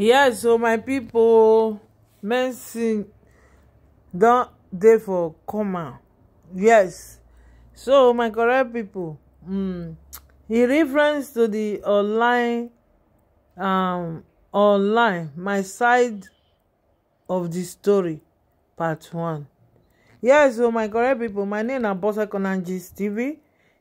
yes so my people, medicine don dey for coma yes so my correct people. mm, e reference to the online um, online my side of the story part one yes so my correct people. my name na bosa konangis tv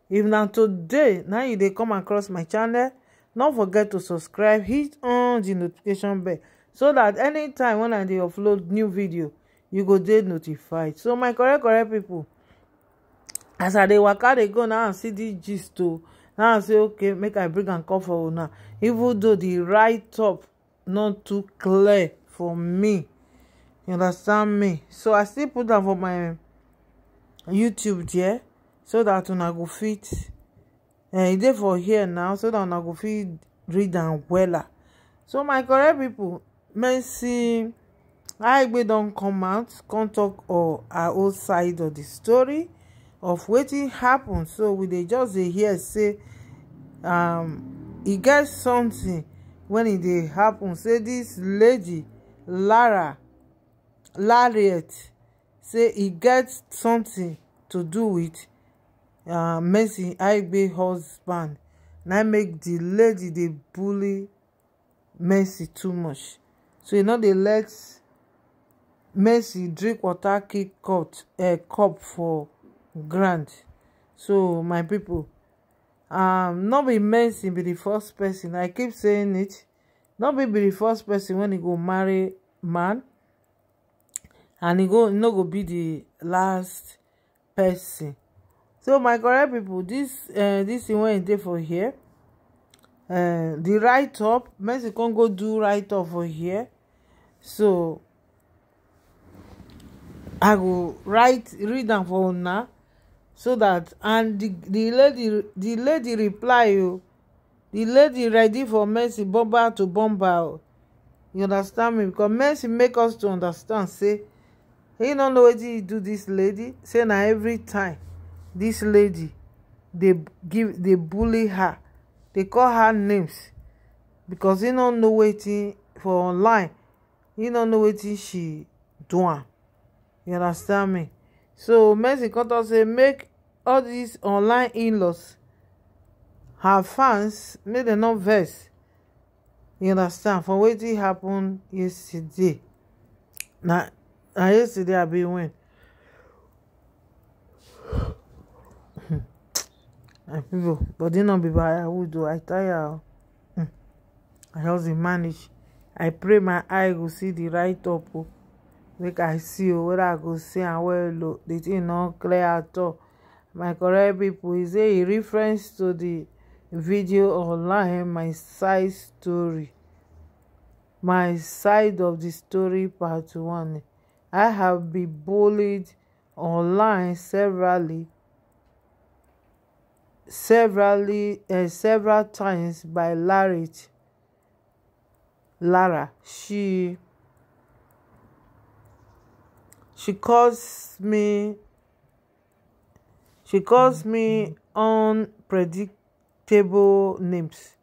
if na today na you dey come across my channel no forget to subscribe hit on the notification bell so dat anytime when i dey upload new video you go dey notified so my correct correct pipo as i dey waka dey go now and see dis gist o now i say okay make i bring am come for una even though di write up not too clear for me you understand me so i still put am for my youtube there so dat una go fit Eh, e dey for here now so that una go fit read am wella ah. so my correct people, mercy aigbe don come out come tok her own side of the story of wetin happen so we dey just dey hear say um e get something when e dey happen say this lady lara lariat say e get something to do with uh, mercy aigbe husband na make the lady dey bully mercy too much so e no dey let mercy drink water kick eh, cup for ground so my people, um no be mercy be the first person i keep saying it no be be the first person when he go marry man and he go e no go be the last person so my correct pipo dis eh, this thing wey e dey for here uh, eh, di write up mercy con go do right up for here so i go write read am for now, so that and the the lady the lady reply you, the lady ready for mercy bomba to bomba you understand me because mercy make us to understand say he don't know wetin he do this lady say now every time This lady they give they bully her they call her names because he don't know wetin for online he don't know wetin she do you understand me so mercy come talk say make all these online in-laws her fans make them not vex you understand for wetin happen yesterday now yesterday i bin win my ah, people body no be by who do i tire o oh. hmm. i just dey manage i pray my eye go see the right up o oh. make i see o oh, whether i go see am well o the thing no clear at all my correct people e say e reference to the video online my side story my side of the story part one i have been bullied online severally severally uh, several times by Larry. Lara. She she calls me she calls me unpredictable names,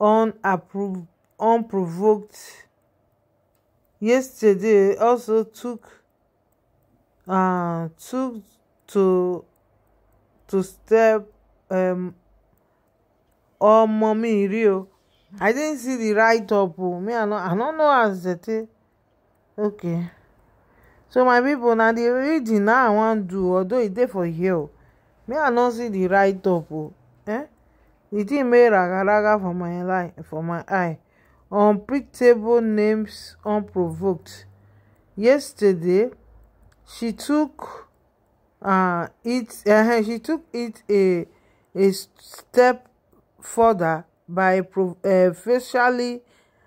unapproved, unprovoked. Yesterday also took uh took to to step Um, ọmọ mi rí o i didn't see the write up o me i no i no know as dey take okay so my pipo na the reading na i wan do although e dey for here o me i no see the write up o eh the thing make ragaraga for my line for my eye unpredictable names unprovoked yesterday she took uh, it uh, she took it a a step further by professionally eh,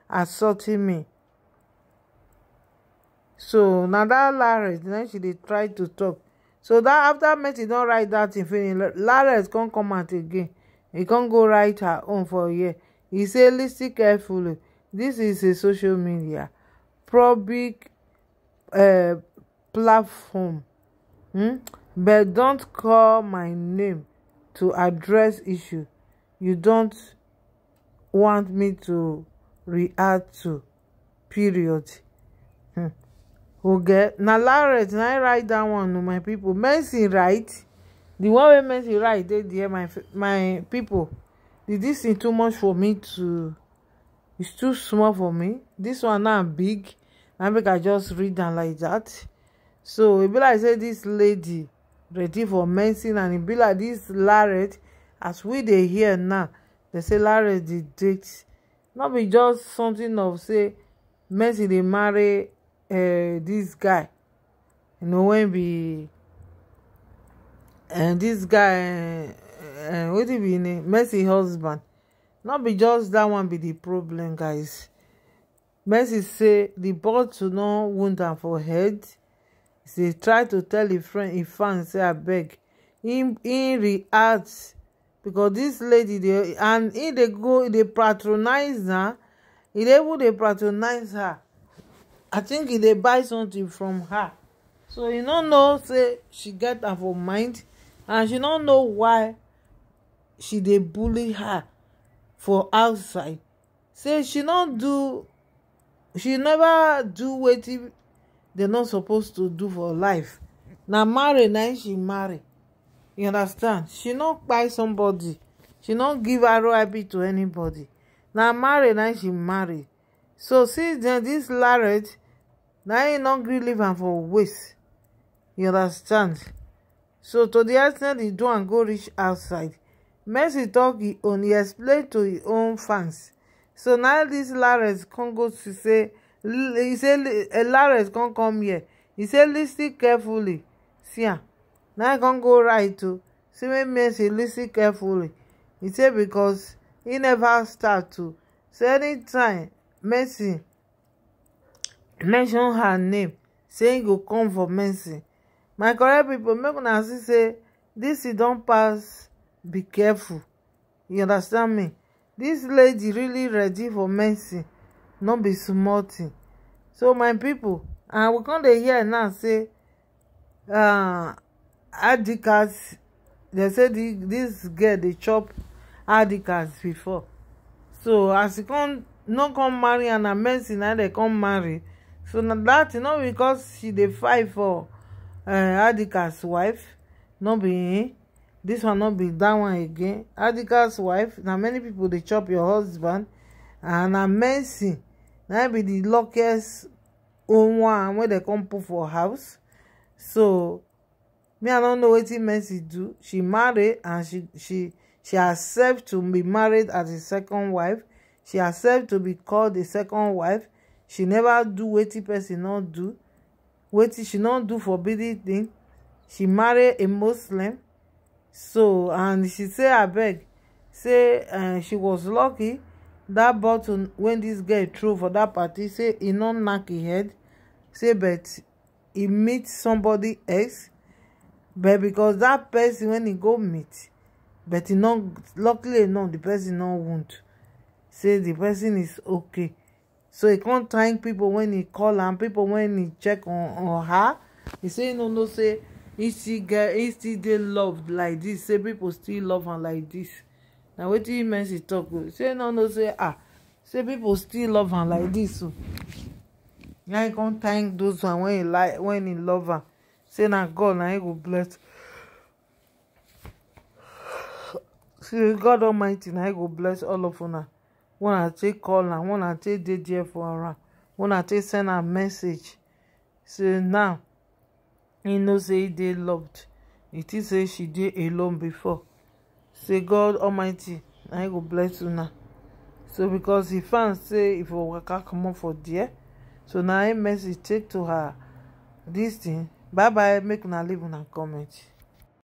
assaulting me so now that lares na she dey try to talk, so dat afta mercy don't write that in finish lares come come out again He can't go write her own for a year. He said, listen carefully This is a social media public uh, platform Hmm. but don't call my name to address issue you don't want me to react to period Okay, hmm. oge na laret na i write dat one to oh, my people? mercy right? The one wey mercy write dey there my my people? pipo this thing too much for me to it's too small for me This one now big na make i just read am like that. so e be like say this lady ready for medicine and e be like this laret as we dey hear now dem say laret dey date no be just something of say mercy dey marry eh, this guy you know wen be eh, this guy uh, eh, wetin be name mercy husband no be just that one be the problem guys mercy say di bottle no wound am for head say try to tell im friend im fan say abeg him react because this lady dey and he dey go dey patronize her he dey even dey patronize her i think he dey buy something from her so he no know say she get am for mind and she no know why she dey bully her for outside say she no do she never do wetin They're not supposed to do for life Now marry now she marry you understand she not buy somebody she not give roib to anybody Now marry now she marry so since then, this larret now he not gree leave am for waste you understand so to the extent he do and go reach outside mercy tok e own e explain to his own fans so now this larret come go to say he said, say lares come come here he say listen carefully see am na him come go right to see wey mean say listen carefully he say because he never start to say anytime mercy mention her name say he go come for mercy my correct people make una see say 'This e don pass be careful you understand me This lady really ready for mercy no be small thing, so my people. and we come dey hear now say uh, adikas dem say this girl dey chop adikas before so as e no come marry and na medicine na dem come marry so na dat tin no because she dey fight for uh, adikas wife no be hin dis one no be that one again adikas wife na many people dey chop your husband and na medicine That be the luckiest own one wey dem come put for house so me i don't know wetin mercy do she married and she she she accept to be married as a second wife she accept to be called the second wife she never do wetin person not do wetin she not do forbidden thing she married a muslim so and she say I beg, say eh, she was lucky dat bottle wey dis girl throw for dat party say e no knack im e head say but e meet somebody else but because dat person wen e go meet but e no luckily enough di person no wound say di person is okay so e come thank pipo wen e call am pipo wen e check on on her e say e no know say e still get e still dey loved like dis say pipo still love am like dis na wetin messi tok o say no no say ah say people still love am like this. o na him come thank those one wey him like when he love am say na god na him go bless say god almighty na him go bless all of una I take call am I take dey there for am I take send am message say now he know say e dey loved e think say she dey alone before say god almighty na him go bless una so because he found say e for waka comot for there so na him message take to her this thing. bye bye make una leave una comment